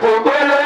Gbogbo ló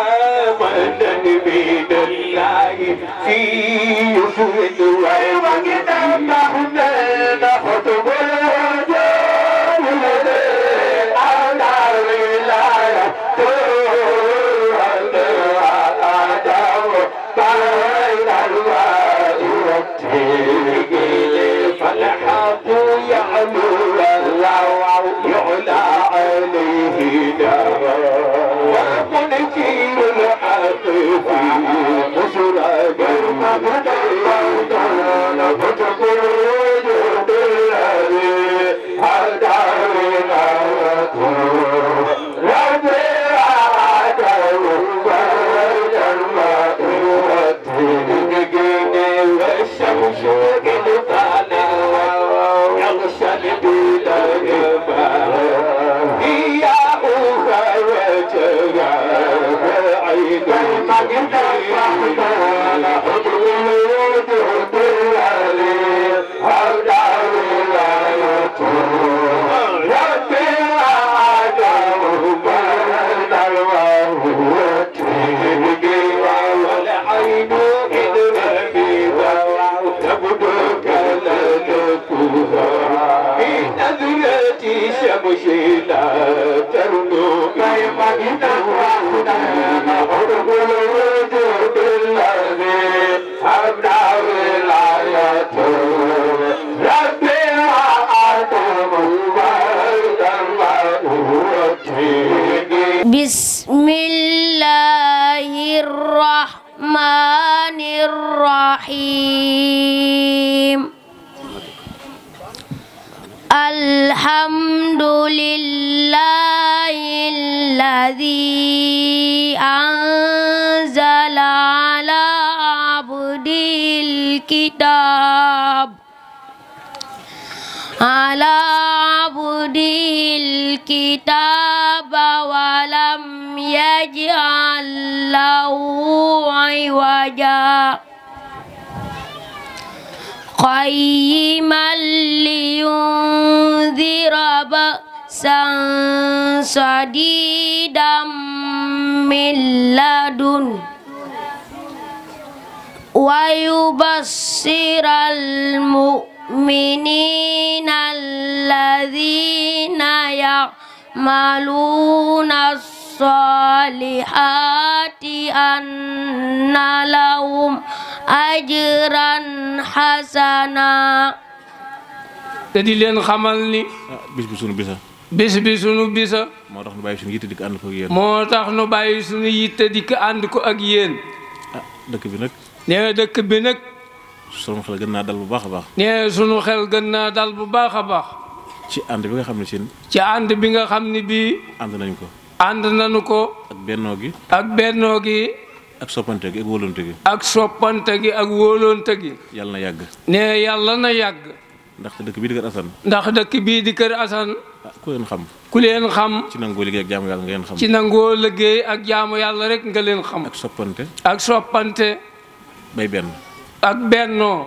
في يكو قيما لينذر بأسا شديدا من لدن ويبصر المؤمنين الذين يعملون الصالحات أن لهم ajran hasana dadi len xamal ni ah, bis bisunu bisa bis bisunu bisa moo tax nu bàyyi sunu yitte dik and ko ak yeen moo tax nu bàyyi sunu yitte dik and ko ak yeen dekk bi nak ne dekk bi nak sunu xel gën dal bu baax baax ne sunu xel gën dal bu baax baax ci and bi nga xamni ne sin ci and bi nga xamni bi and nañ ko and nañ ko ak benno gi ak benno gi ak soppante gi ak wóolonte gi. ak soppante gi ak wóolonte gi. yàlla na yàgg. ne yàlla na yàgg. ndax dëkk bii di kër Assane. ndax dëkk bii di kër asan ah, ku leen xam. ku leen xam. ci nangoo liggéey ak jaamu yàlla nga leen xam. ci ak jaamu yàlla rek nga leen xam. ak soppante. ak soppante. bay benn. ak bennoo.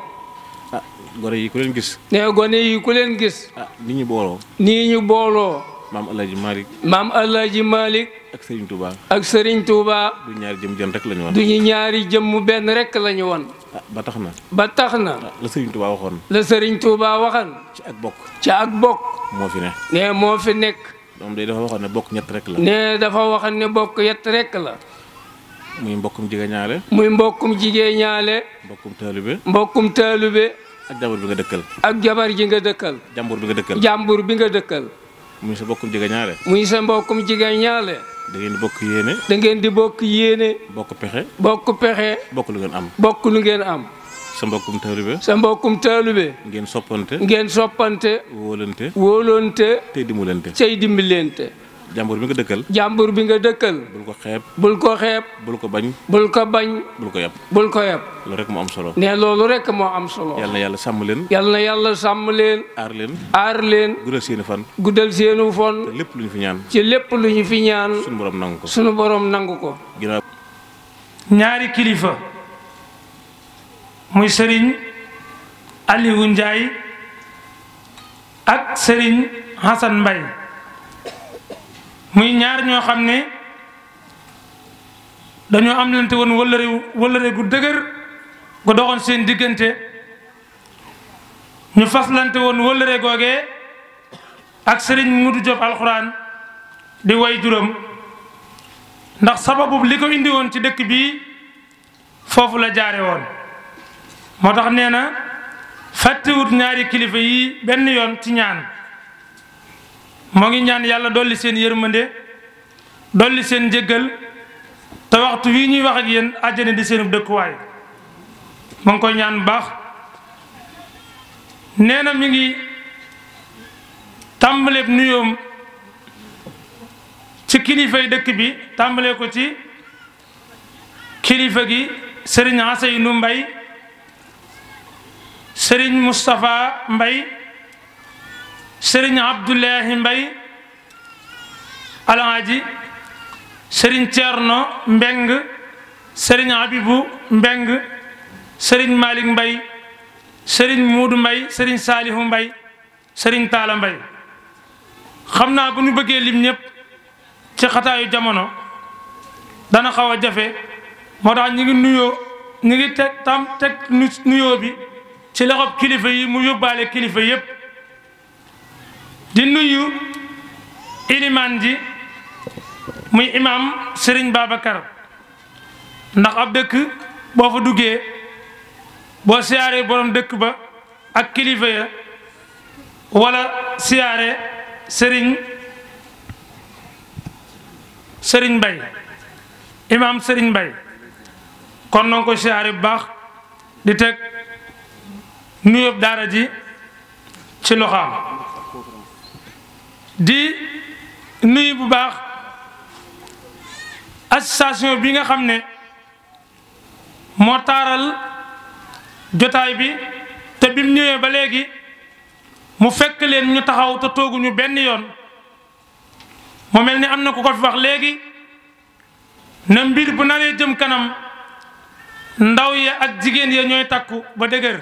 ah gone yi ku leen gis. nee gone yi ku leen gis. ah ni ñu booloo. nii ñu booloo. maam El Hadj maam El Hadj ak Serigne Touba. ak Serigne Touba. du ñaari jëm jëm rek lañu won du ñu ñaari jëm mu ben rek lañu won ah, ba taxna na. ba taxna na. Ah, Serigne Touba waxon le Serigne Touba waxan. ci ak bok ci ak bok mo fi ne. ne mo fi nek dom day dafa waxoon ne bokk ñett rek la. ne dafa waxoon ne bokk ñett rek la. muy mbokum jige ñaale. muy mbokum jige ñaale. mbokum talibé mbokum talibé ak jabar bi nga dekkal ak jabar ji nga dekkal jambour bi nga dekkal jambour bi nga dekkal muy sa bokum jige ñaale. muy sa mbokum jige ñaale. da ngeen di bokk yéene. da ngeen di bokk yéene. bokk pexe. bokk pexe. bokk lu ngeen am. bokk lu ngeen am. sa mbokkum taalibe. sa mbokkum taalibe. ngeen soppante. ngeen soppante. wóolante. wóolante. tey dimbalante. tey jambur bi nga dëkkal. jàmbur bi nga dëkkal. bul ko xeb bul ko xeb bul ko bañ. bul ko bañ. bul ko yab. bul ko yab. lo rek mo am solo. ne lolu rek mo am solo. yalla yalla sienufon. sàmm leen. yalla na yàlla sàmm leen. ar leen. aar leen. fan. gudal seeni fon te lépp fi ñaan. ci lepp luñu fi ñaan. suñu borom nang ko. suñu borom nang ko. ñaari kilifa. muy Serigne Aliou Ndiaye ak Serigne Hassan Mbaye. muy ñaar ñoo xam ne dañoo am lante woon wëllëre wëllëre gu dëgër gu doxoon seen diggante ñu fas faslante woon wëllëre googee ak sëriñ Mudu Jóob alxuraan di way juróom ndax sababu li ko indi woon ci dëkk bii foofu la jaare woon moo tax nee na fàttewut ñaari kilifa yi benn yoon ci ñaan moo ngi ñaan yàlla dolli seen yërmande dolli seen njëggal te waxtu wi ñuy wax ak yéen àjjana di seen dëkkuwaay moo ngi koy ñaan baax nee na mi ngi tàmbaleeb nuyoom ci kilifay dëkk bi tàmbalee ko ci kilifa gi sëriñ Aseynu Mbay sëriñ Moustapha Mbay sëriñ Abdoulahi Mbay alaaji sëriñ Ceerno Mbeng sëriñ Abibu Mbeng sëriñ Malick Mbay sëriñ Muudu Mbay sëriñ Saalihu Mbay sëriñ Taala Mbay xam naa bu ñu bëggee lim ñëpp ci xataayu jamono dana xaw a jafe moo tax ñu ngi nuyoo ñu ngi tam teg nuyoo bi ci loxob kilifa yi mu yóbbaale kilifa yépp di nuyu ilimaan ji muy imaam sëriñ baabakar ndax ab dëkk boo fa duggee boo siyaaree boroom dëkk ba ak kilifa ya wala siyaare sëriñ sëriñ mbay imaam Serigne mbay kon noo ko bu baax di teg nuyoob daara ji ci loxaam di nuyu bu baax association bi nga xam ne moo taaral jotaay bi te bi mu ñëwee ba léegi mu fekk leen ñu taxaw te tooguñu benn yoon mu mel ni am na ku ko fi wax léegi na mbir bu naree jëm kanam ndaw ya ak jigéen ya ñooy takku ba dëgër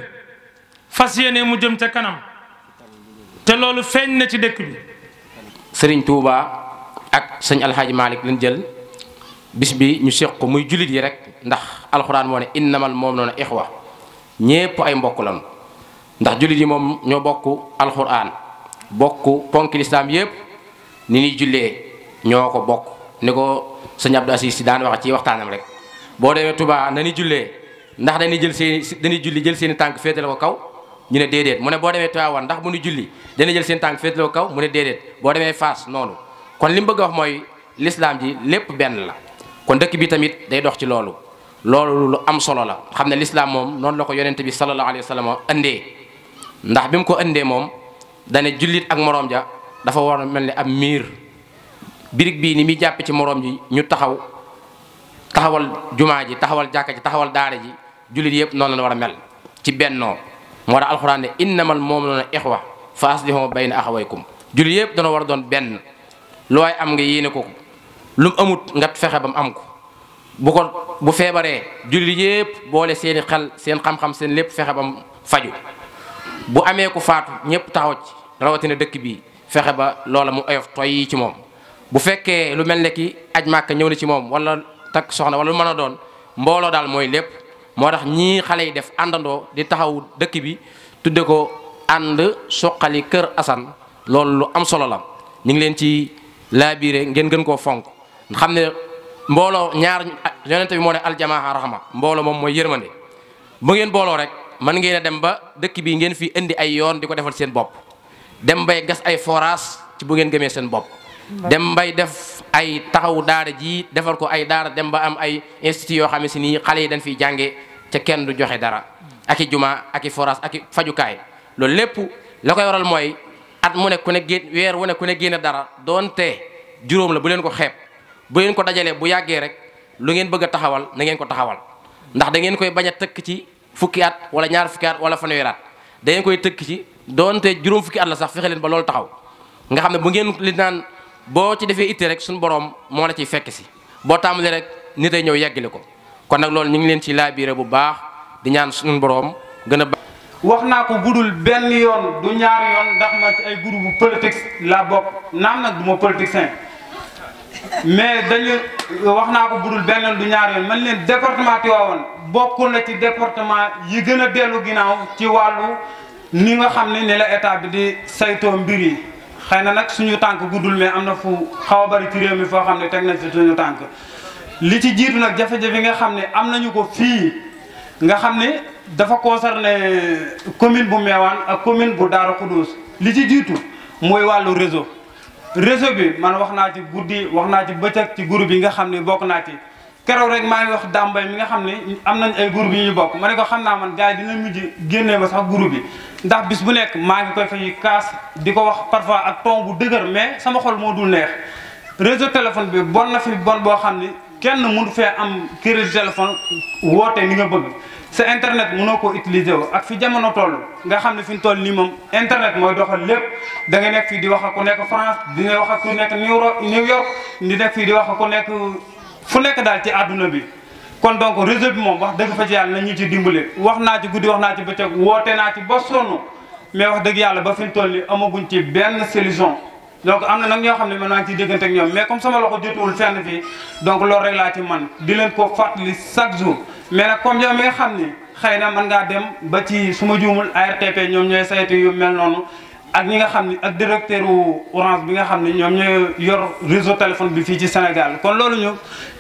fas yéene mu jëm ca kanam te loolu feeñ na ci dëkk bi sëriñ Touba ak sëñ alxaaji Malick lañ jël bis bi ñu séq ko muy jullit yi rek ndax alxuraan moo ne innamal moom noonu ixwa ñépp ay mbokk lañu ndax jullit yi moom ñoo bokk alxuraan bokk ponk lislaam yépp ni ñuy jullee ñoo ko bokk ni ko sëñ Abdou Aziz si daan wax ci waxtaanam rek boo demee Touba na ñuy jullee ndax dañuy jël seen dañuy julli jël seen i tànk féetale ko kaw ñu ne déedéet mu ne boo demee Tivaouane ndax bu nu julli dana jël seen tànk féetloo kaw mu ne déedéet boo demee Fass noonu kon li mu bëgg wax mooy lislaam ji lépp benn la kon dëkk bi tamit day dox ci loolu loolu lu am solo la xam ne l'islam moom noonu la ko yonente bi sallallahu alayhi wa sallam andee ndax bi mu ko andee moom dane jullit ak moroom ja dafa war a mel ni am miir birig bii ni muy jàppe ci moroom ji ñu taxaw taxawal jumaa ji taxawal jàkka ji taxawal daara ji jullit yëpp noonu la war a mel ci bennoo moo tax alxuraan ne innamal mu'minuuna ixwa fa aslihu bayna axawaykum julli yëpp dana war a doon benn looy am nga yéene ko lu mu amut nga fexe ba mu am ko bu ko bu feebaree julli yëpp boole seeni xel seen xam-xam seen lépp fexe ba mu faju bu amee ku faatu ñëpp taxaw ci rawatina dëkk bi fexe ba loola mu oyof toy ci moom bu fekkee lu mel ne ki aj màkk ñëw na ci moom wala takk soxna wala lu mën a doon mbooloo daal mooy lépp moo tax ñii xale yi def àndandoo di taxaw dëkk bi tudde ko ànd suqali kër Assane loolu lu am solo la ñu ngi leen ci laabiire ngeen gën koo fonk xam ne mbooloo ñaar ah, yonente bi moo ne aljamaa rahma mbooloo moom mooy yërmande bu ngeen booloo rek mën ngeen a dem ba dëkk bi ngeen fi indi ay yoon di ko defal seen bopp dem bay gas ay forage ci bu ngeen gëmee seen bopp dem bay def ay taxawu daara ji defar ko ay daara dem ba am ay institut yoo xam ne si nii xale yi dañ fiy jànge ca kenn du joxe dara ak i juma ak i ak fajukaay loolu lépp la koy waral mooy at mu ne ku ne génn weer wu ne ku ne génne dara doonte juróom la bu leen ko xeeb bu leen ko dajalee bu yàggee rek lu ngeen bëgg taxawal na ngeen ko taxawal ndax da ngeen koy bañ a tëkk ci fukki at wala ñaar fukki at wala fanweeri at da ngeen koy tëkk ci doonte juróom fukki at sax fexe leen ba loolu taxaw boo ci defee itte rek suñu boroom moo la ciy fekk si boo tàmbalee rek nit ay ñëw yeggali ko kon nag loolu ñu ngi leen ci laabiire bu baax di ñaan suñu boroom gën a. wax naa ko guddul benn yoon du ñaari yoon ndax man ci ay groupe politique laa bokk naam mais dañu naa ko budul benn yoon du ñaari yoon man leen département Tivaouane bokk na ci département yi gën a dellu ginnaaw ci wàllu ni nga xam ne ni la état bi di saytoo mbir yi. xëy na nag suñu tànk guddul mais am na fu xaw a bari ci réew mi foo xam ne teg nañ fi suñu tànk li ci jiitu nag jafe-jafe nga xam ne am nañu ko fii nga xam ne dafa concerné commune bu Meewaan ak commune bu Daaru Xuduus li ci jiitu mooy wàllu réseau réseau bi man wax naa ci guddi wax naa ci bëccëg ci groupe yi nga xam ne bokk naa ci keroog rek maa ngi wax dàmbay mi nga xam ne am nañ ay groupe yi ñu bokk ma ne ko xam naa man gars yi dina mujj génnee ma sax groupe yi ndax bis bu nekk maa ngi koy fay kaas di ko wax parfois ak ton bu dëgër mais sama xol moo dul neex réseau téléphone bi bon na fi bon boo xam ni kenn mënu fee am crédit téléphone woote ni nga bëgg sa internet mënoo ko utiliser wu ak fi jamono toll nga xam ne fi ñu toll nii moom internet mooy doxal lépp danga nekk fii di wax ak ku nekk France di nga wax ak ku nekk New York di nekk fii di wax ak ku nekk fu nekk daal ci àdduna bi. kon donc réseau bi moom wax dëgg fa ci yàlla na ñu ci dimbale wax naa ci guddi wax naa ci bëccëg woote naa ci ba sonn mais wax dëgg yàlla ba fi mu toll nii amaguñ ci benn solution donc am na nag ñoo xam ne man naa ngi ciy déggante ak ñoom mais comme sama loxo jotuwul fenn fii donc loolu rek laa ci man di leen ko fàttali chaque jour mais nag comme yow mi xam ni xëy na mën ngaa dem ba ci su ma juumul ARTP ñoom ñooy saytu yu mel noonu ak ñi nga xam ne ak directeur orange bi nga xam ne ñoom ñoo yor réseau téléphone bi fii ci Sénégal kon loolu ñu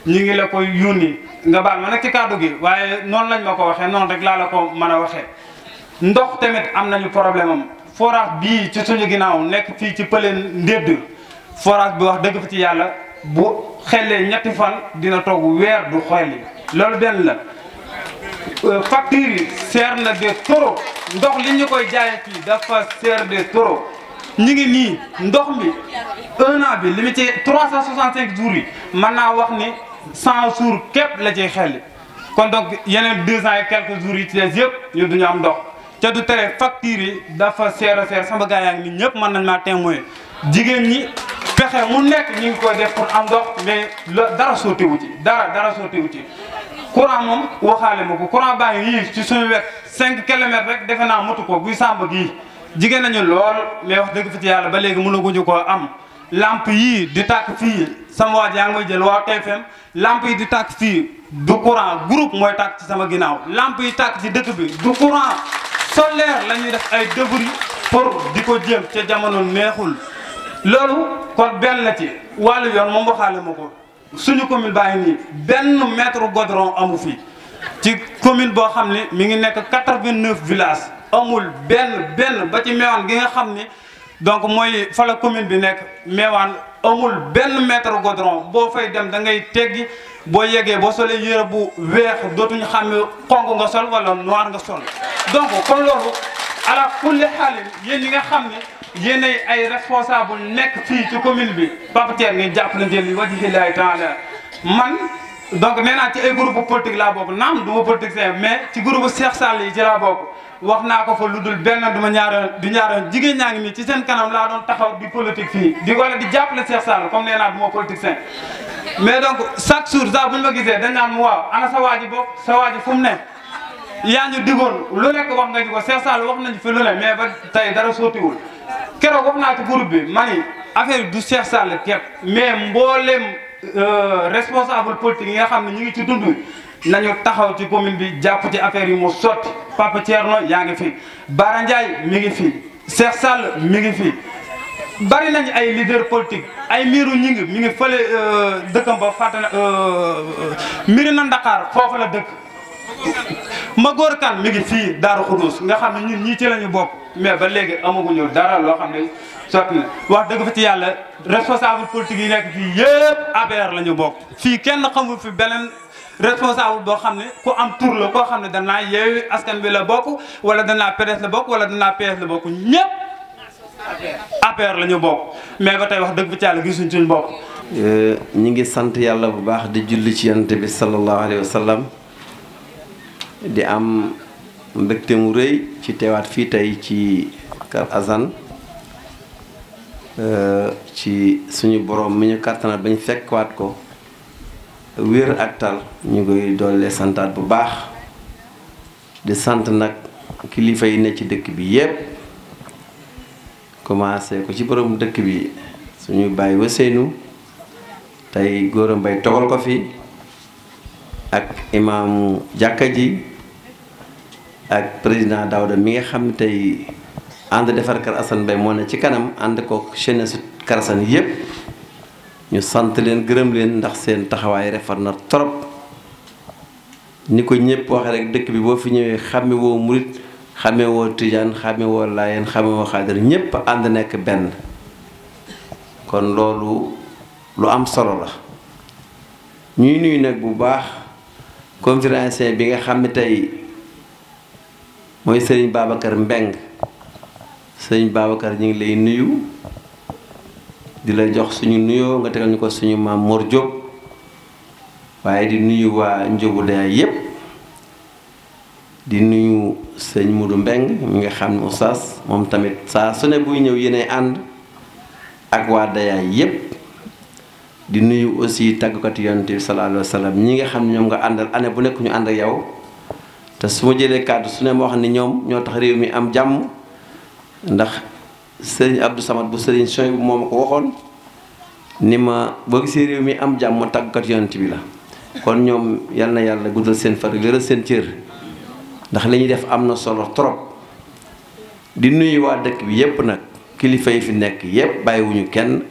ñu ngi la koy yónni nga baal ma nag ci kàddu gi waaye noonu lañ ma ko waxee noonu rek laa la ko mën a waxee. ndox tamit am nañu problème am forage bii ci suñu ginnaaw nekk fii ci pëleen ndédd forage bi wax dëgg fa ci yàlla bu xellee ñetti fan dina toog weer du xoyli loolu benn la. Euh, facture yi seer na de trop ndox li ñu koy jaayee fii dafa seer de trop ñu ngi nii ndox mi un an bi li limité trois cent soixante cinq jours yi mën naa wax ni cent jours képp la ciy xelli kon donc yeneen deux ans quelques jours yi ci des yëpp ñu duñu am ndox te du tere facture yi dafa seer a seer sama gaa yaa ngi nii ñëpp mën nañ maa témoin jigéen ñi pexe mu nekk ñu ngi koy def pour am ndox mais dara sottiwu ci dara dara sottiwu ci courant moom waxaale ma ko courant baa ngi nii ci suñu wet 5 kilomètres rek defe naa motu ko buy sàmb gii jigéen nañu lool mais wax dëgg fi ci yàlla ba léegi mënaguñu koo am làmp yii di tàkk fii sama waa yaa ngi jël waa TFM lamp yi di tàkk fii du courant groupe mooy tàkk ci sama ginnaaw lamp yi tàkk ci dëkk bi du courant solaire la def ay débris pour di ko jéem ca jamono neexul loolu kon benn ci wàllu yoon moom waxaale ma ko. suñu commune baa ben benn mètre godron amu fi ci commune mi ngi quatre villages amul donc mooy fa la commune bi amul mètre Godron, boo fay dem da ngay teggi boo yeggee boo solee yére bu noir nga sol donc ala yéen ay responsable nekk fii ci commune bi Pape Thier ngeen jàppalante li wajhillaahi taala man donc nee naa ci ay groupe politique laa bokk naam du ma politicien mais ci groupe Cheikh Sall yi ci laa bokk wax naa ko fa lu dul benn du ma ñaaroon du ñaaroon jigéen ñaa ngi nii ci seen kanam laa doon taxaw di politique fii di wala di jàppale Cheikh Sall comme nee naa du ma politicien mais donc chaque jour saa bu ñu ma gisee dañ naan mu waaw ana sa waa ji bopp sa waa ji ne yaa ñu digoon lu nekk wax nga ñu ko Cheikh Sall wax nañu fi lu ne mais ba tey dara sottiwul keroog wax naa ci groupe bi ma ni affaire du Cheikh Sall képp mais mboolem euh, responsable politique yi nga xam ne ñu ngi ci dund nañu taxaw ci commune bi jàpp ci affaire yi mu sotti Papa Thierno yaa ngi fi Bara Ndiaye mi ngi fi Cheikh Sall mi ngi fi. bari nañ ay leader politique ay miiru ñi mi ngi fële euh, dëkkam ba fàttali euh, miiri na Ndakaar foofu la dëkk. ma góor kan mi ngi fii Daaru Xuduus nga xam ne ñun ñii ci la ñu bokk mais ba léegi amaguñu dara loo xam ne sotti na wax dëgg fa ci yàlla responsable politique yi nekk fii yëpp APR la ñu bokk. fii kenn xamul fi beneen responsable boo xam ne ku am tur la koo xam ne danaa yeewi askan bi la bokk wala danaa PDS bokk wala danaa PS la bokk ñëpp la ñu bokk mais ba tey wax dëgg fa ci yàlla gisuñ suñu bopp. Euh, ñu ngi sant yàlla bu baax di julli ci yonent bi sallallahu alayhi wa di am mbégte mu rëy ci teewaat fii tey ci Kër Assane eh, ci suñu boroom mi ñu kàttanal ba ñu fekkwaat ko wér ak tal ñu koy doole santaat bu baax di sant nag kilifa yi ne ci dëkk bi yépp commencé ko ci borom dëkk bi suñu bàyyi waseenu tey góoram bay togal ko fi ak imaamu jàkka ji ak président Daouda mi nga xam tey ànd defar Kër Assane Mbaye moo ne ci kanam ànd ko jeunesse Kër yépp ñu sant leen gërëm leen ndax seen taxawaay refar na trop ni ko ñëpp waxe rek dëkk bi boo fi ñëwee xame woo murit xame woo tijaan xame woo laayeen xame woo xaadir ñépp ànd nekk benn kon loolu lu am solo la ñuy nuy nag bu baax conférencier bi nga xam ne tey Moy serigne babakar Mbeng serigne babakar ñing lay nuyu di la jox suñu nuyoo nga tegal ñuko suñu maam morjo waye di nuyu wa njobu da yeb di nuyu serigne Mudu Mbeng mi nga xam ne oustaz mom tamit sa sune ne buy ñëw yéenay ànd ak da ya yeb di nuyu aussi tàggukati yantir sallallahu alaihi wasallam ñi nga xam ñom nga andal ane bu nek ñu and ak yow te su ma jëlee kàddu su ne moo xam ne ñoom ñoo tax réew mi am jàmm ndax sëriñ Abdou Samad bu sëriñ Soy bu moom ko waxoon ni ma boo gisee réew mi am jàmm tàggukat yonent bi la kon ñoom yal na yàlla guddal seen far wéral seen cër ndax li ñuy def am na solo trop di nuyu waa dëkk bi yépp nag kilifa yi fi nekk yépp bàyyiwuñu kenn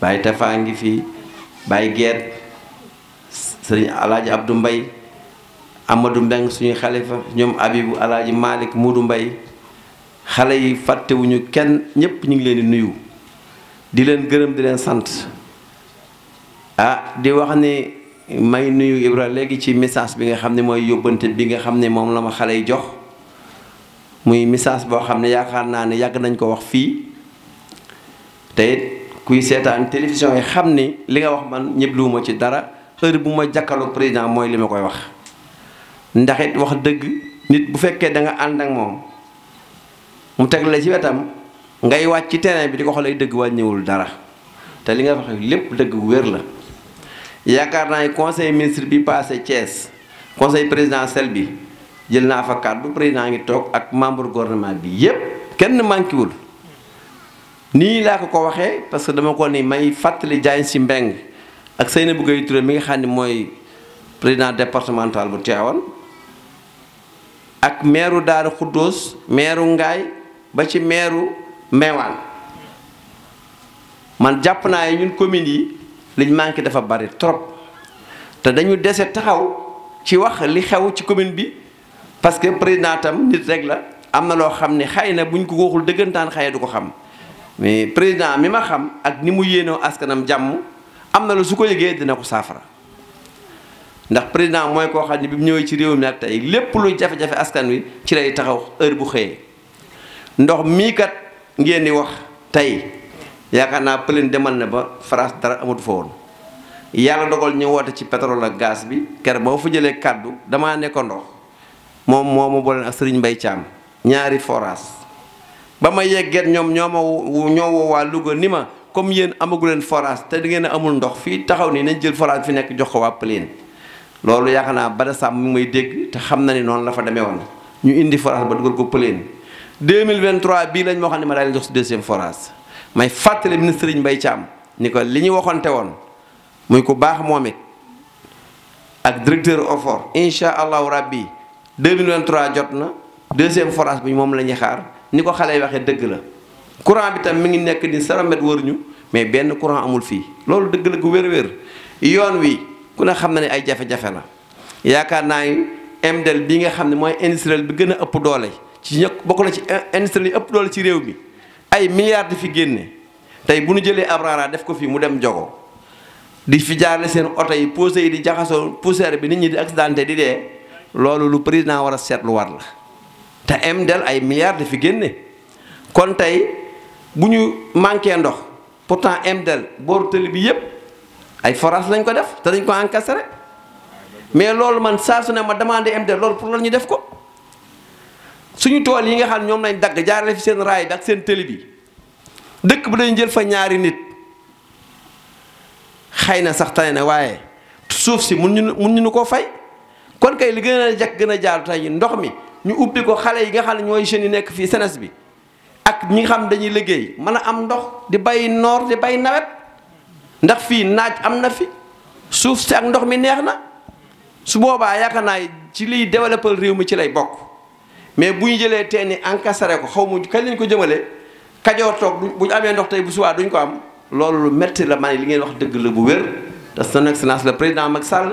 bàyyi tafaa ngi fi bàyyi geet sëriñ ab du Mbay Amadou Mbengue suñu xalifa ñoom Abibu Alaaji Malick Moodu Mbay xale yi fàttewuñu kenn ñépp ñu ngi leen di nuyu di leen gërëm di leen sant ah di wax ni may nuyu Ibra léegi ci message bi nga xam ne mooy yóbbante bi nga xam ne moom la ma xale yi jox muy missage boo xam ne yaakaar naa ne yàgg nañ ko wax fii te it kuy seetaan télévision yi xam ni li nga wax man ñëpp luuma ci dara heure bu ma jàkkaarloog président mooy li ma koy wax ndaxit wax deug nit bu fekke da nga and ak mom mu teg la ci wetam ngay wacc ci terrain bi diko xolay deug wañewul dara te li nga wax lepp deug wër la yakar na ne conseil ministre bi passé Thiès conseil présidentiel bi jël na fa cadre président ngi tok ak membre gouvernement bi yépp kenn wul ni la ko ko waxee parce que dama ko ni may fatali jaay ci mbeng ak bu Gueye Touré mi nga xam moy président départemental bu tiawone ak meeru daaru xuddoos meeru ngaay ba ci meeru meewaan man jàpp naa yi ñun communes yi liñ manqué dafa bari trop te dañu dese taxaw ci wax li xew ci commune bi parce que président tam nit rek la am na loo xam ni xëy na buñ ko waxul dëggantaan xëy du ko xam mais président mi ma xam ak ni mu yéenoo askanam jàmm am na la su ko yëgee dina ko saafara ndax président mooy koo xam ne bi mu ñëwee ci réew mi nag tey lépp luy jafe-jafe askan wi ci lay taxaw heure bu xëyee ndox mii kat ngeen di wax tey yaakaar naa pëlen demal na ba France dara amut fa woon yàlla dogal ñu woote ci pétrole ak gaz bi ker boo fa jëlee kàddu damaa ne ndox moom moo mu boole ak Serigne Mbaye Thiam ñaari forage ba ma yeggeet ñoom ñoo ma ñoo woo waa Louga ni ma comme yéen amagu leen forage te di ngeen amul ndox fii taxaw nii nañ jël forage fi nekk jox ko waa loolu yaakaar naa Bada sàmm mu may dégg te xam na ni noonu la fa demee woon ñu indi forage ba dugal ko pëleen 2023 bii lañ moo xam ne ma daal di jox si deuxième forage may fàttali ministre bay Mbaye Thiam ni ko li ñu waxante woon muy ku baax moom it ak directeur OFOR incha allahu rabbi 2023 jot na deuxième forage bi moom la ñuy xaar ni ko xale yi waxee dëgg la courant bi tam mi ngi nekk ni saramet wër ñu mais benn courant amul fii loolu dëgg la gu wér-wér yoon wi. ku ne xam na ne ay jafe-jafe la yaakaar naa ni MDL bi nga xam ne mooy industriel bi gën a ëpp doole ci ñëpp bokk na ci industriel yi ëpp doole ci réew mi ay milliards di fi génne tey bu ñu jëlee Abrara def ko fii mu dem jogo di fi jaarale seen oto yi posé yi di jaxasoo poussière bi nit ñi di accidenté di dee loolu lu président war a seetlu war la te MDL ay milliards di fi génne kon tey bu ñu manqué ndox pourtant MDL booru tëli bi yépp ay forage lañ ko def te dañ ko encastré mais loolu man saa su ne ma demande MDR loolu pour loolu ñu def ko suñu tool yi nga xam ñoom lañ dagg jaarale fi seen raay bi ak seen tëli bi dëkk bu dañ jël fa ñaari nit xëy na sax tane na waaye suuf si mun ñu mun ñu ko fay kon kay li gën a gën a jaaru tey ndox mi ñu ubbi ko xale yi nga xam ne ñooy jeunes yi nekk fii senes bi ak ñi xam dañuy liggéey mën a am ndox di bay noor di bay nawet ndax fii naaj am na fi suuf si ak ndox mi neex na su boobaa yaakaar naa ci liy développé réew mi ci lay bokk mais bu ñu jëlee teen yi encastré ko xaw ma kañ lañ ko jëmale kajoor toog bu ñu amee ndox tey bu subaa duñ ko am loolu lu métti la man li ngeen wax dëgg la bu wér te son excellence le président mag sàll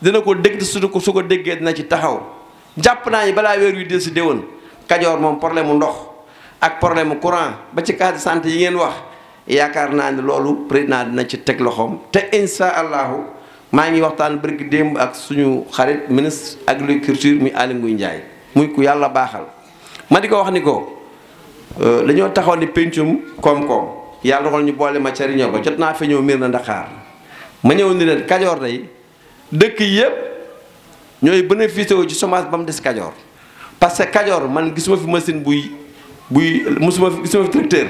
dina ko dégg su ko su ko déggee dina ci taxaw jàpp naa ni balaa weer yu décidé woon kajoor moom problème mu ndox ak problème mu courant ba ci case de santé yi ngeen wax. yaakaar naa ne loolu président dina ci teg loxoom te insha allahu maa ngi waxtaan bërk démb ak suñu xarit ministre agriculture muy Aly Ngouille Ndiaye muy ku yàlla baaxal ma di ko wax ni ko euh, dañoo taxaw ni pencum koom-koom yàlla xool ñu boole ma cariñoo ko jot naa fi ñëw miir na ndaxaar ma ñëw ni leen Kajoor day dëkk yépp ñooy bénéficié wu ci chômage ba mu des Kajoor parce que Kajoor man gisuma fi machine buy buy musuma gisuma fi tracteur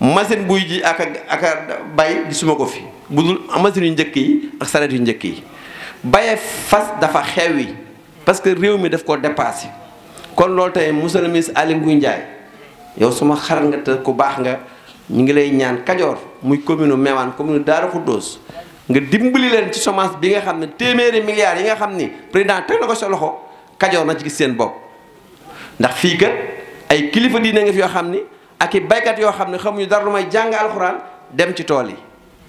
Masin buy ji ak ak bay suma ko fi budul amasin yu njëkk yi ak salat yu yi baye fas dafa xewi parce que rew mi daf ko dépasser kon lol tay monsieur le ministre Aly yow suma xaral nga te ku bax nga ñi ngi lay ñaan kadior muy commune Mewane commune Daaru Xuddoos nga dimbali len ci semence bi nga xamne téméré milliards yi nga xamni président tek na so loxo kadior na ci seen bop ndax fi ke ay kilifa nga fi xamni ak i baykat yoo xam ne xamuñu dara lu may jàng alxuraan dem ci tool yi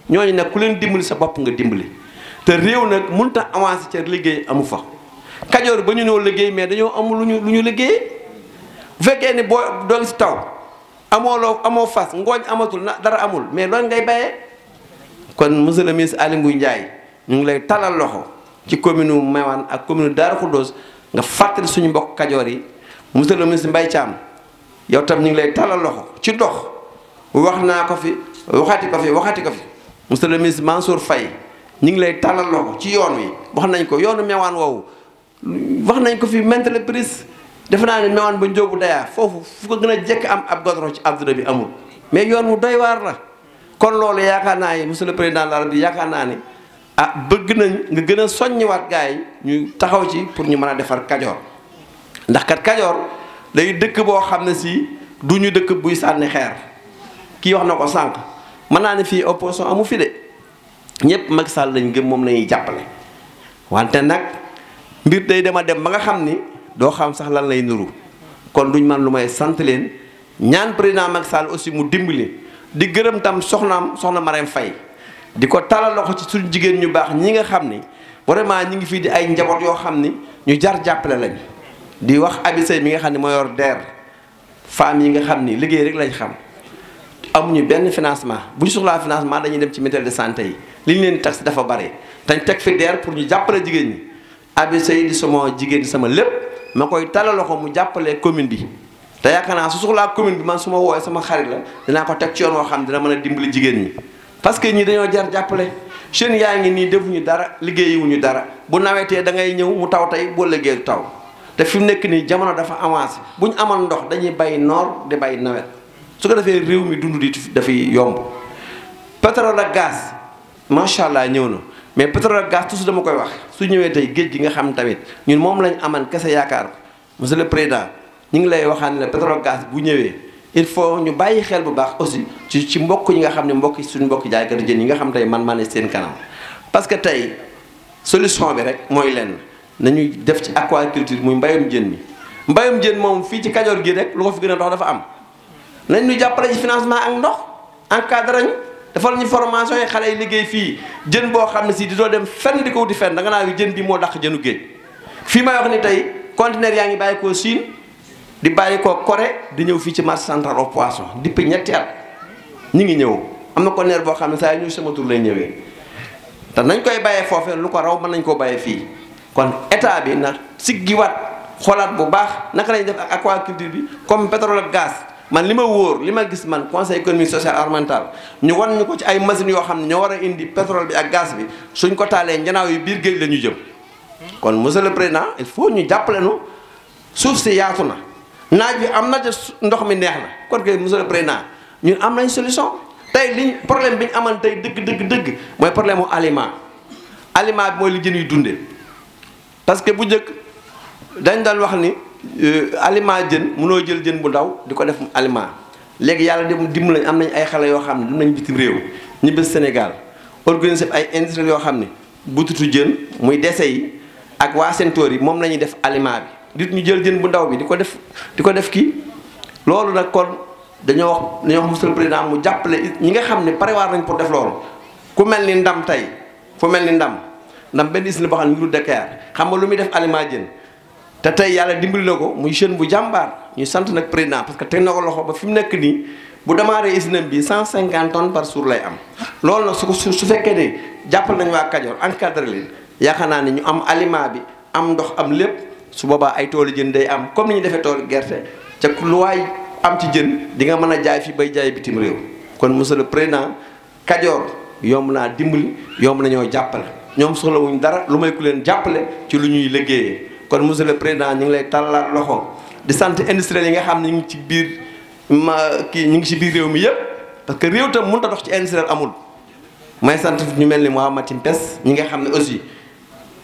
ñooñu nag ku leen dimbali sa bopp nga dimbali te réew nag mënut a avance ca liggéey amu fa. kajoor ba ñu noo liggéey mais dañoo amul lu ñu lu ñu liggéey bu fekkee ni boo doon si taw amoo loo amoo fas ngooñ amatul na dara amul mais loolu ngay bayee. kon monsieur le ministre Aly Ngouille Ndiaye ñu ngi lay talal loxo ci commune Mewane ak commune Darou Khoudoss nga fàttali suñu mbokk kajoor yi monsieur le ministre Mbaye yow tam ñu ngi lay talal loxo ci dox wax naa ko fi waxati ko fi waxati ko fi monsieur le ministre Mansour Faye ñu ngi lay talal loxo ci yoon wi wax nañ ko yoonu Mewane woowu wax nañ ko fi maintes reprises defe naa ne Mewane ba Ndiobu dayaa foofu fu ko gën a jekk am ab goudron ci àdduna bi amul mais yoon wu day waar la kon loolu yaakaar naa ne monsieur le président de la République yaakaar naa ni ah bëgg nañ nga gën a soññiwaat gars yi ñu taxaw ci pour ñu mën a defar Kajoor ndax kat day dëkk boo xam ne si du ñu dëkk buy sànni xeer kii wax na ko sànq mën naa ne fii opposition amu fi de ñëpp Macky Sall lañ gëm moom lañuy jàppale wante nag mbir day dema dem ba nga xam ni doo xam sax lan lay nuru kon ñu man lu may sant leen ñaan président Macky Sall aussi mu dimbali di gërëm tam soxnaam soxna Marème fay di ko talal ci suñu jigéen ñu baax ñi nga xam ni vraiment ñi ngi fii di ay njaboot yoo xam ni ñu jar jàppale lañ di wax abisay mi nga xam ne moo yor DER femmes yi nga xam ni liggéey rek lañ xam amuñu benn financement bu ñu soxlaa financement dañuy dem ci mutuelle de santé yi li ñu leen di tax dafa bare dañ teg fi DER pour ñu jàppale jigéen ñi abisay di sama jigéen sama lépp ma koy talal ko mu jàppale commune bi. te yaakaar naa su soxlaa commune bi man su ma woowee sama xarit la dinaa ko teg ci yoon woo xam dina mën a dimbali jigéen ñi parce que ñii dañoo jar jàppale jeunes yaa ngi nii defuñu dara liggéeyiwuñu dara bu nawetee da ngay ñëw mu taw tey boo liggéey taw. te fi mu nekk nii jamono dafa avancé bu ñu amal ndox dañuy bàyyi noor di bàyyi nawet su ko defee réew mi dund di dafay yomb pétrole ak gaz macha allah ñëw na mais pétrole ak gaz toujours dama koy wax su ñëwee tey géej gi nga xam tamit ñun moom lañ aman kese yaakaar ko mu le président ñu ngi lay waxaan ne pétrole bu ñëwee il faut ñu bàyyi xel bu baax aussi ci ci mbokk yi nga xam ne mbokk suñu mbokk jaaykatu jën yi nga xam tey man maa ne seen kanam parce que tey solution bi rek mooy lenn. nañuy def ci aquaculture muy mbayum jeen mi mbayum jeen mom fi ci kadior gi rek lu ko fi gëna a ndox dafa am nañ ñu jàppale ci financement ak ndox encadrañ ñu defal ñu formation yi xalé yi liggéey fi jeen bo xam ci di do dem fenn di ko wuti fenn da nga naaw jeen bi mo dàq jeenu geej fi may wax ni tay conteneur yaangi ngi bàyyi koo Chine di bàyyi koo Corée di ñëw fi ci marché central au poisson depuis ñetti at ñi ngi ñëw amna conteneur bo xam sa ñu sama tour lay ñëwee te nañ koy bayé fofé lu ko raw man nañ ko bayé fi kon état bi na siggiwaat xoolaat bu baax naka lañuy def ak culture bi comme pétrole ak gaz man li ma wóor li ma gis man conseil économique social environnemental ñu wan ñu ko ci ay machines yoo xam ne ñoo war a indi pétrole bi ak gaz bi suñ ko taalee njanaaw yi biir géej la ñu jëm kon monsieur le président il faut ñu jàppale nu suuf si yaatu na naaj bi am na te ndox mi neex na kon kay monsieur le président ñun am nañ solution tey li problème bi ñu amoon tey dëgg dëgg dëgg mooy problème mu aliment aliment bi mooy li jën yu dundee parce que bu njëkk dañ daan wax ni euh, aliment jën mënoo jël jën bu ndaw di ko def aliment léegi yàlla dem dimbali am nañ ay xale yoo xam ne dem nañ bitim réew ñibbi Sénégal organiser ay industrie yoo xam ne bututu jën muy dese yi ak waa Sentoor yi moom la ñuy def aliment bi dit ñu jël jën bu ndaw bi di ko def di ko def kii loolu nag kon dañoo wax dañoo wax monsieur le mu jàppale ñi nga xam ne pare war nañ pour def loolu ku mel ni ndam tey fu mel ni ndam ndax benn usine boo xam ne ngiru Dakar xam nga lu muy def aliment jën te tey yàlla dimbali na ko muy jeune bu jàmbaar ñu sant nag président parce que teg na ko loxo ba fi mu nekk nii bu démarré usine bi cent 150 tonnes par jour lay am. loolu nag su ko su fekkee ne jàppal nañu waa Kajoor encadré leen yaakaar naa ne ñu am aliment bi am ndox am lépp su boobaa ay toolu jën day am comme ni ñu defee toolu gerte ca lu waay am ci jën di nga mën a jaay fi bay jaay bitim réew kon monsieur le président Kajoor yomb naa dimbali yomb nañoo jàppale. ñom soxla wuñ dara lu may ku len jappalé ci lu ñuy liggéey kon monsieur le président ñing lay talal loxo di sante industriel yi nga xamni ñing ci biir ma ki ñing ci biir réew mi yépp parce que réew ta mën ta dox ci industriel amul may sante ñu melni mohammed Mouhamad Timpes ñi nga xamni aussi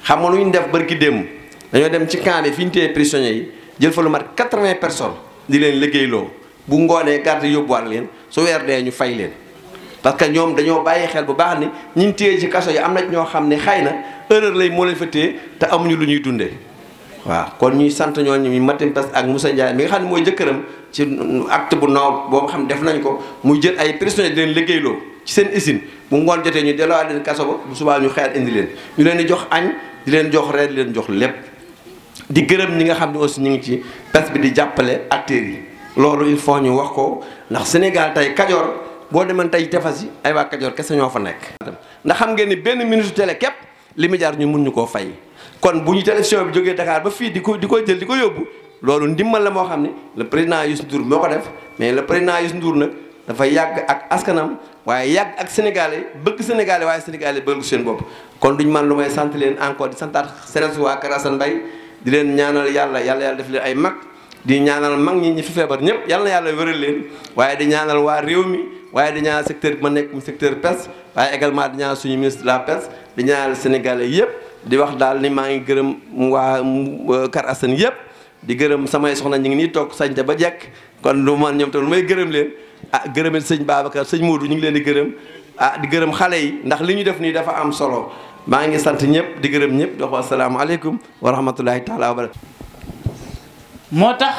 xamul ñu def barki dem dañu dem ci camp bi fi ñu prisonniers yi jël fa lu mat 80 personnes di len liggéey lo bu ngone garde yóbbuwaat len su weer dee ñu fay len parce que ñoom dañoo bàyyi xel bu baax ni ñu ñu téye ci kaso yi am na ñoo xam ni xay na erreur lay moo leen fa te amuñu lu ñuy dundee waaw kon ñuy sant ñooñu Matim Bass ak Moussa Ndiaye mi nga xam ne mooy jëkkëram ci acte bu naaw boo xam def nañ ko muy jël ay prisonniers di leen liggéeyloo ci seen usine bu ngoon jotee ñu delluwaat leen kaso ba bu subaa ñu xëyaat indi leen ñu leen di jox añ di leen jox reer di leen jox lépp di gërëm ñi nga xam ne aussi ñu ngi ci presse bi di jàppale acteurs yi loolu il faut ñu wax ko ndax Sénégal tey Kajoor boo demoon tey tefas yi ay waa Kajoor kese ñoo fa nekk. ndax xam ngeen benn minute télé képp li mu jaar ñu mun ñu koo fay kon bu ñu télévision bi jógee Dakar ba fii di ko di ko jël di ko yóbbu loolu ndimbal la moo xam ne le président Youssou Ndour moo ko def mais le président Youssou Ndour nag dafa yàgg ak askanam waaye yàgg ak sénégalais bëgg sénégalais waaye sénégalais bëgg seen bopp. kon duñ man lu may sant leen encore di santaat Sénégal waa leen ñaanal yàlla yàlla yàlla def leen ay mag di ñaanal mag ñi ñi fi feebar ñëpp yàlla na yàlla wéral leen waaye di ñaan secteur bi ma nekk mu secteur pêche waaye également di ñaanal suñu ministre de la di ñaanal sénégalais yëpp di wax daal ni maa ngi gërëm waa kar Assane yëpp di gërëm samay soxna ñu ngi nii toog sañta ba jekk kon lu man ñoom tam lu may gërëm leen ah gërëmel sëñ Babacar sëñ Modou ñu ngi leen di gërëm ah di gërëm xale yi ndax li ñu def nii dafa am solo maa ngi sant ñëpp di gërëm ñëpp di wax asalaamaaleykum wa rahmatulahi taala wa barakatu tax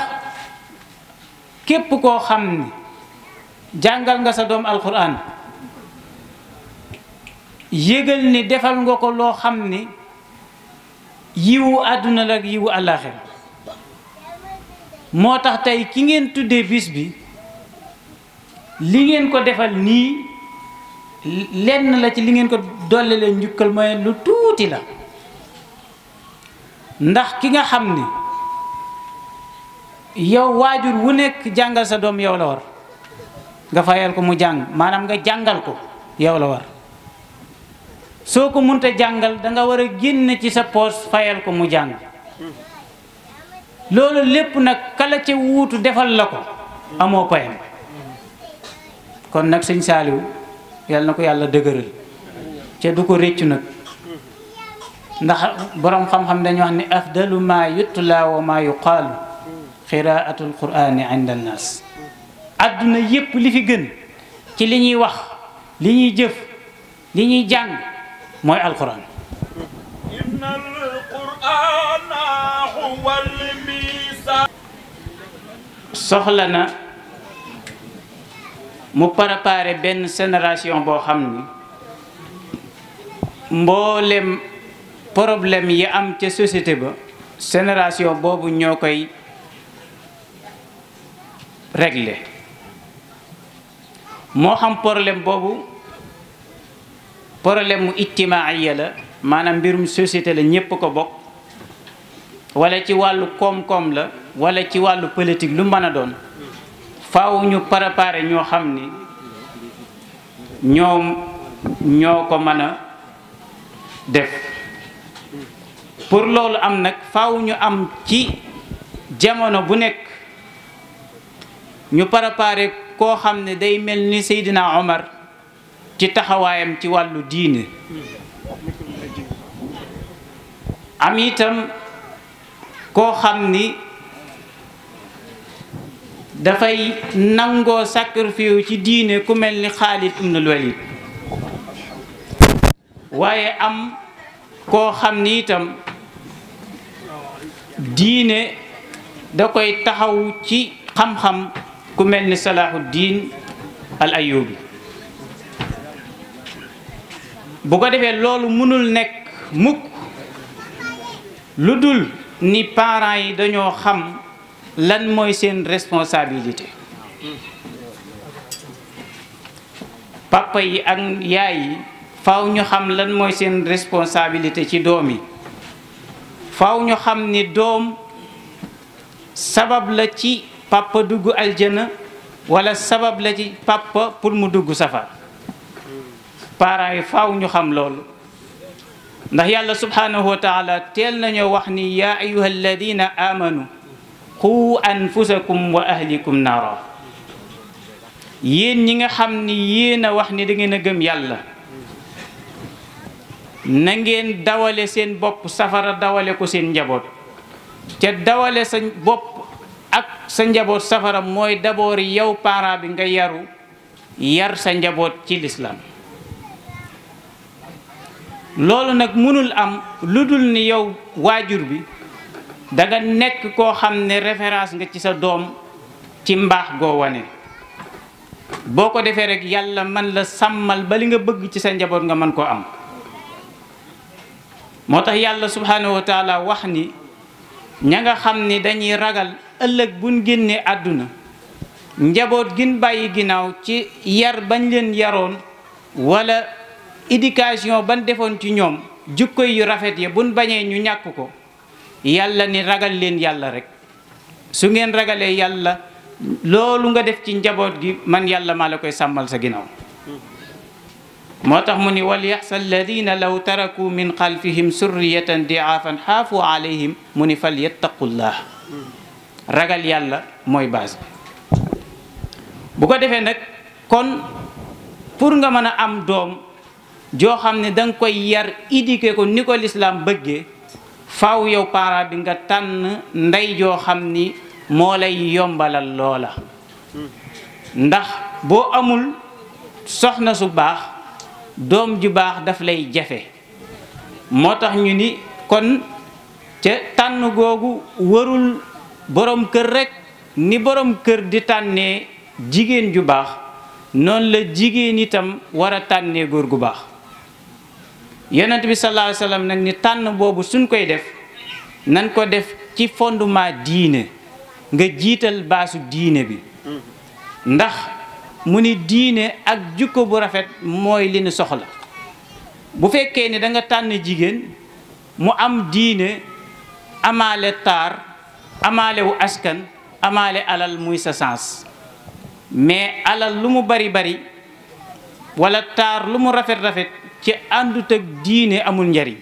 képp jangal nga sa dom alquran yegal ni defal nga ko lo xamni yiwu aduna la yiwu alakhir motax tay ki ngeen tuddé bis bi li ngeen ko defal ni lenn la ci li ngeen ko dolle ñukkal moy lu tuti la ndax ki nga xamni yow wajur wu nek jangal sa dom yow la war nga fayal ko mu jàng maanaam nga jàngal ko yow la war soo ko munta jàngal danga war a génn ci sa poos fayal ko mu jàng loolu lépp nag kala ci wuutu defal la ko amoo payam kon nag sëñ Saaliw yal na ko yàlla dëgëral ca du ko réccu nag ndax boroom xam-xam dañu wax ni afdalu ma yutla wa ma yuqaalu qiraatul quraani inda annaas adduna yépp li fi gën ci li ñuy wax li ñuy jëf li ñuy jàng mooy alxuraan soxla na mu préparé benn génération boo xam ni mboolem problème yi am ca société ba génération boobu ñoo koy régler moo xam problème boobu problème mu ijtimaaiya la maanaam mbirum société la ñépp ko bokk walla ci wàllu koom-koom la wala ci wàllu politique lu mën a doon faaw ñu préparer ñoo xam ni ñoom ñoo ko mën a def pour loolu am nag faaw ñu am ci jamono bu nekk ñu préparer koo xam ne day mel ni Seydina Omar ci taxawaayam ci wàllu diine am itam koo xam ni dafay nangoo sacrifice ci diine ku mel ni Xaalid ibnul Walid waaye am koo xam ni itam diine da koy taxaw ci xam-xam ku mel ni Salahuddin al Ayyubi bu ko defee loolu mënul nekk mukk lu dul ni parents yi dañoo xam lan mooy seen responsabilité papa yi ak yaay yi faw ñu xam lan mooy seen responsabilité ci doom yi faaw ñu xam ni doom sabab la ci papa dugu aljana wala sabab la ci papa pour mu dugg safar parents yi faaw ñu xam loolu ndax yàlla subhanahu wa taala teel nañoo wax ni yaa ayuha amanu qu anfusakum wa ahlikum naara yéen ñi nga xam ni yéen a wax ni da ngeen a gëm yàlla na ngeen dawale seen bop safara dawale ko seen njaboot dawale sa bop ak sa njaboot safara mooy d'abord yow parent bi nga yaru yar sa njaboot ci lislaam loolu nag mënul am lu dul ni yow waajur bi danga nekk koo xam ne référence nga ci sa doom ci mbaax goo wane boo ko defee rek yàlla man la sàmmal ba li nga bëgg ci sa njaboot nga mën koo am moo tax yàlla subhanahu wa wax ni ña nga xam ni dañuy ragal ëllëg buñ génnee àdduna njaboot gin bàyyi ginnaaw ci yar bañ leen yaroon wala éducation ban defoon ci ñoom jukko yu rafet ya buñ bañee ñu ñàkk ko yàlla ni ragal leen yàlla rekk su ngeen ragalee yàlla loolu nga def ci njaboot gi man yàlla maa la koy sàmmal sa ginnaaw moo tax mu ni wal yaxsa alladina law taraku min xalfihim surriyatan diaafan xaafu alayhim mu ni fal yattaqullah ragal yàlla mooy base bi bu ko defee nag kon pour nga mën a am doom joo xam ne danga koy yar idike ko ni ko lislaam bëggee faw yow parent bi nga tànn ndey joo xam ni moo lay yombalal loola ndax boo amul soxna su baax doom ju baax daf lay jafe moo tax ñu ni kon ca tànn googu warul boroom kër rekk ni boroom kër di tànnee jigéen ju baax noonu la jigéen itam wara a tànnee góor gu baax yonent bi sallallahu alayhi nag ni tànn boobu suñ koy def nañ ko def ci fondement diine nga jiital baasu diine bi ndax mu ni diine ak jukko bu rafet mooy li nu soxla bu fekkee ni danga tànn jigéen mu am diine amaale taar amaale wu askan amaale alal muy sa sens mais alal lu mu bari bari wala taar lu mu rafet rafet ci àndut ak diine amul njariñ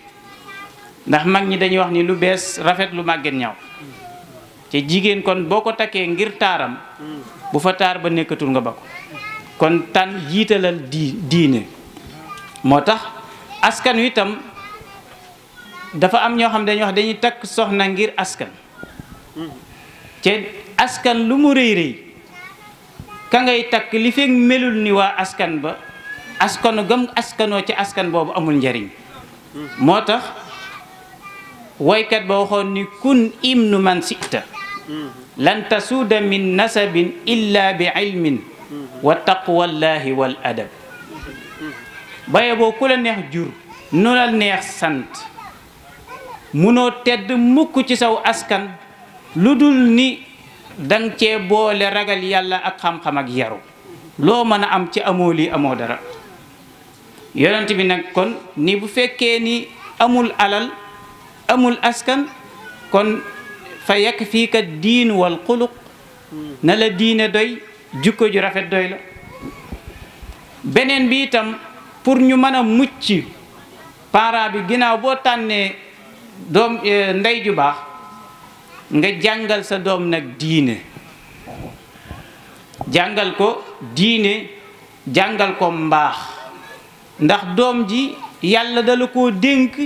ndax mag ñi dañuy wax ni lu bees rafet lu màgget ñaw te jigéen kon boo ko takkee ngir taaram bu fa taar ba nekkatul nga ba ko kon tànn jiitalal diine moo tax askan wi itam dafa am ñoo xam dañuy wax dañuy takk soxna ngir askan te askan lu mu rëy rëy ka melul ni askan ba askan gam askanoo ci askan bobu amul njariñ motax way kat ba waxoon ni kun imnu man sita lan tasuda min nasabin illa bi ilmin wa taqwallahi wal adab baye kulan kula neex jur nu neex sant muno tedd mukk ci saw askan lu dul ni dang cee boole ragal yàlla ak xam-xam ak yaru loo mën a am ci amoo lii amoo dara yonent bi nag kon ni bu fekkee ni amul alal amul askan kon fa yekk fii kat diin wal xuluq na la diine doy jukko ju rafet doy la beneen bi itam pour ñu mën a mucc parent bi ginnaaw boo tànnee doom eh, ndey ju baax nga jàngal sa doom nag diine jàngal ko diine jàngal ko mbaax ndax doom ji yàlla dala koo dénk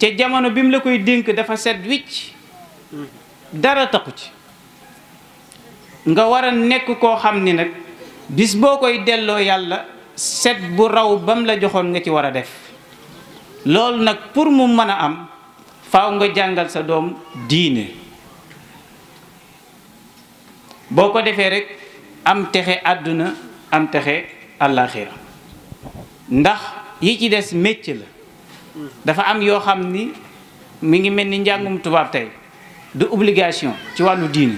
ca jamono bi mu la koy dénk dafa set wicc dara taxu ci nga war a nekk koo xam ni nag bis boo koy delloo yàlla set bu raw ba mu la joxoon nga ci war a def loolu nag pour mu mën a am faw nga jàngal sa doom diine boo ko defee rek am texe àdduna am texe àllaaxira ndax yi ci des métier la dafa am yoo xam ni mi ngi mel ni njàngum tubaab tey du obligation ci wàllu diini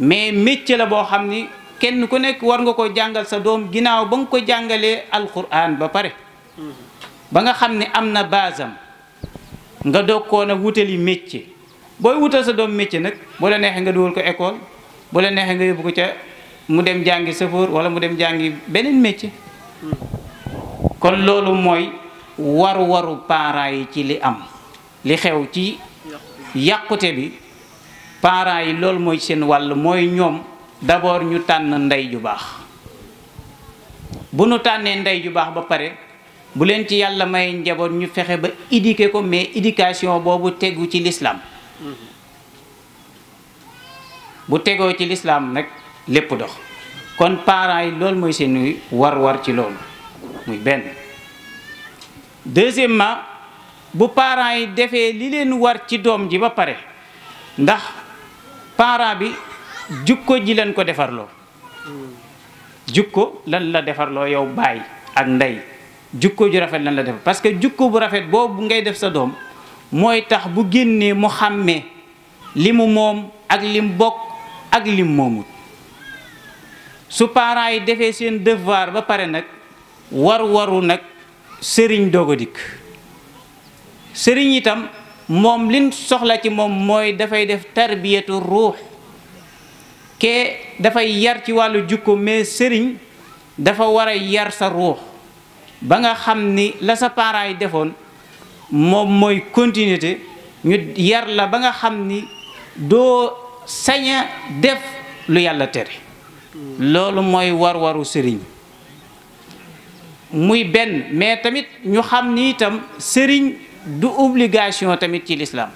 mais métier la boo xam ni kenn ku nekk war nga ko jàngal sa doom ginnaaw ba nga ko jàngalee alquran ba pare ba nga xam ne am na baasam nga doog koon a wutali métier booy wutal sa doom métier nag boo la neexee nga dugal ko école bu leen neexee nga yóbbu ko ca mu dem jàngi sëfoor wala mu dem jàngi beneen métier kon loolu mooy war waru parents yi ci li am li xew ci yàqute bi parents yi loolu mooy seen wàll mooy ñoom d'abord ñu tànn ndey ju baax bu nu tànnee ndey ju baax ba pare bu leen ci yàlla may njaboot ñu fexe ba éduquer ko mais éducation boobu tegu ci lislaam bu tegoo ci lislaam nag lépp dox kon parents yi loolu mooy seen war-war ci loolu muy benn deuxièmement bu parents yi defee li leen war ci doom ji ba pare ndax parent bi jukko ji leen ko defarloo jukko lan la defarloo yow baay ak ndey jukko ji rafet lan la defar parce que jukko bu rafet boobu ngay def sa doom mooy tax bu génnee mu xàmmee li mu moom ak li mu bokk ak lim moomut su parents yi defee seen devoir ba pare nag war waru nag sëriñ doog dikk sëriñ itam moom li soxla ci moom mooy dafay def tarbiyatu ruux kee dafay yar ci wàllu jukko mais sëriñ dafa war a yar sa ruux ba nga xam ni la sa parents yi defoon moom mooy continuité ñu yar la ba nga xam ni doo sañ a def lu yàlla tere loolu mooy war-waru sëriñ muy benn mais tamit ñu xam ni itam sëriñ du obligation tamit ci lislaam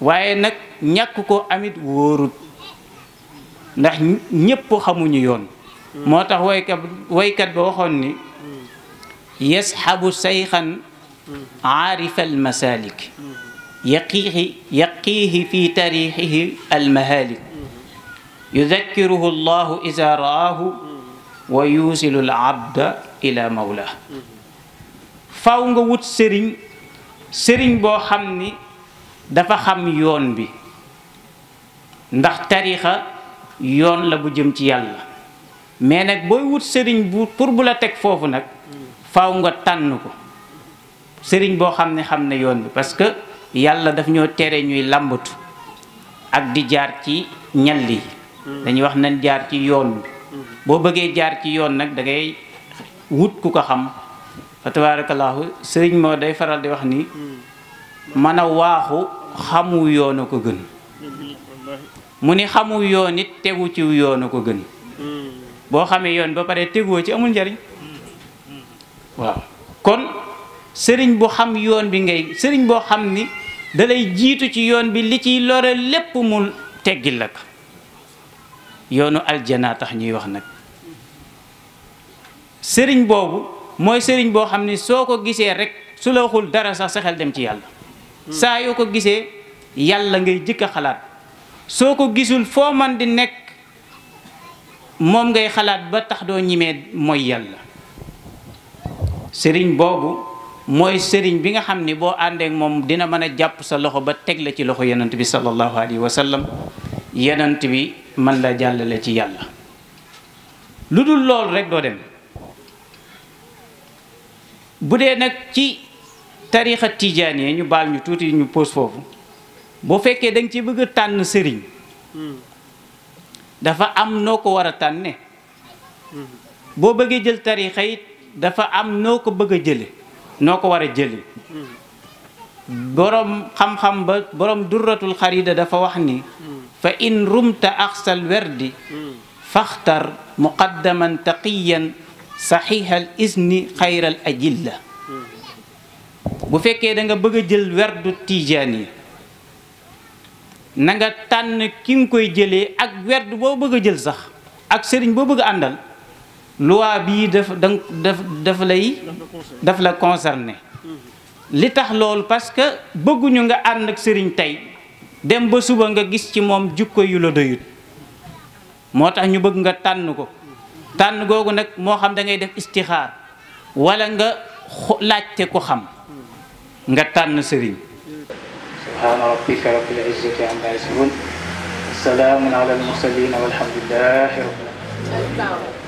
waaye nag ñàkk ko amit wóorut ndax ñépp xamuñu yoon moo tax waykat waykat ba waxoon ni yasxabu sayxan aarifa almasalik يقيه, يقيه في تاريخه المهالك يذكره الله إذا رآه ويوزل العبد إلى مولاه فاونغ ووت سيرين سيرين بو خامني دا فا خام يون بي ندخ تاريخا يون لا بو جيم تي يالا مي نك بو ووت سيرين بو بور بولا تك فوفو نك فاونغ تانكو سيرين بو خامني خامنا يون بي باسكو yàlla daf ñoo tere ñuy làmbatu ak di jaar ci ñal yi hmm. dañuy wax nañ jaar ci yoon hmm. boo bëggee jaar ci yoon nag dangay wut ku ko xam fa tabaarakallaahu sëriñ moo day faral di wax ni mën hmm. a waaxu xamu yoon a ko gën mu ni xamu yoon it tegu ci yoon a ko gën boo xamee yoon ba pare teguwoo ci amul njariñ waaw kon sëriñ boo xam yoon bi ngay sëriñ boo xam ni dalay jiitu ci yoon bi li ciy lore lépp mu teggil la ko yoonu aljana tax ñuy wax nag sëriñ boobu mooy sëriñ boo xam ni soo ko gisee rekk su la waxul dara sa xel dem ci yàlla saa yoo ko gisee yàlla ngay jëkk a xalaat soo ko gisul foo man di nekk moom ngay xalaat ba tax doo ñimee mooy yàlla sëriñ boobu mooy sëriñ bi nga xam ni boo àndeek moom dina mën a jàpp sa loxo ba teg la ci loxo yonent bi sallallahu alayhi wa sallam yonent bi mën la jàllale ci yàlla lu dul loolu rek doo dem bu dee nag ci tiijaan tijaaniyee ñu baal ñu tuuti ñu pose foofu boo fekkee danga nga ci bëgg a tànn sëriñ dafa am noo ko war a tànne hmm. boo bëggee jël tarixa it dafa am noo ko bëgg a jële noko wara jëli borom xam-xam ba borom durratul kharida dafa wax ni fa in rumta axsal wardi fakhtar muqaddaman taqiyan izni isni al ajilla bu fekke da nga bëgg a jël werdu tijani na nga tan ki koy jëlé ak werdu bo bëgg jël sax ak sëriñ bo bëgg àndal loi bii daf daf daf lay daf la concerné li tax loolu parce que bëgguñu nga ànd ak sëriñ tey dem ba suba nga gis ci moom jukko yu la doyut moo tax ñu bëgg nga tànn ko tànn googu nag moo xam da ngay def istixaar wala nga laajte ko xam nga tànn sëriñ subhaana rabbika rabbil izzati amma yasifuun salaamun ala al mursalin walhamdulillahi rabbil alamin